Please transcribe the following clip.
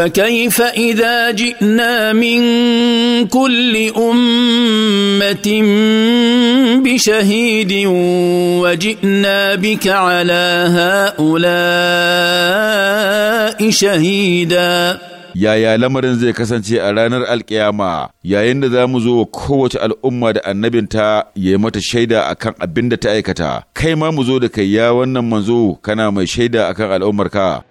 فكيف اذا جئنا من كل امه بشهيد وجئنا بك على هؤلاء شهيدا yaya lamarin zai kasance a ranar alkiyama yayin da za mu zo wa kowace al'umma da annabinta ya yi mata shaida akan abin da ta aikata kai ma mu zo da kaiya wannan manzo kana mai shaida akan al'ummarka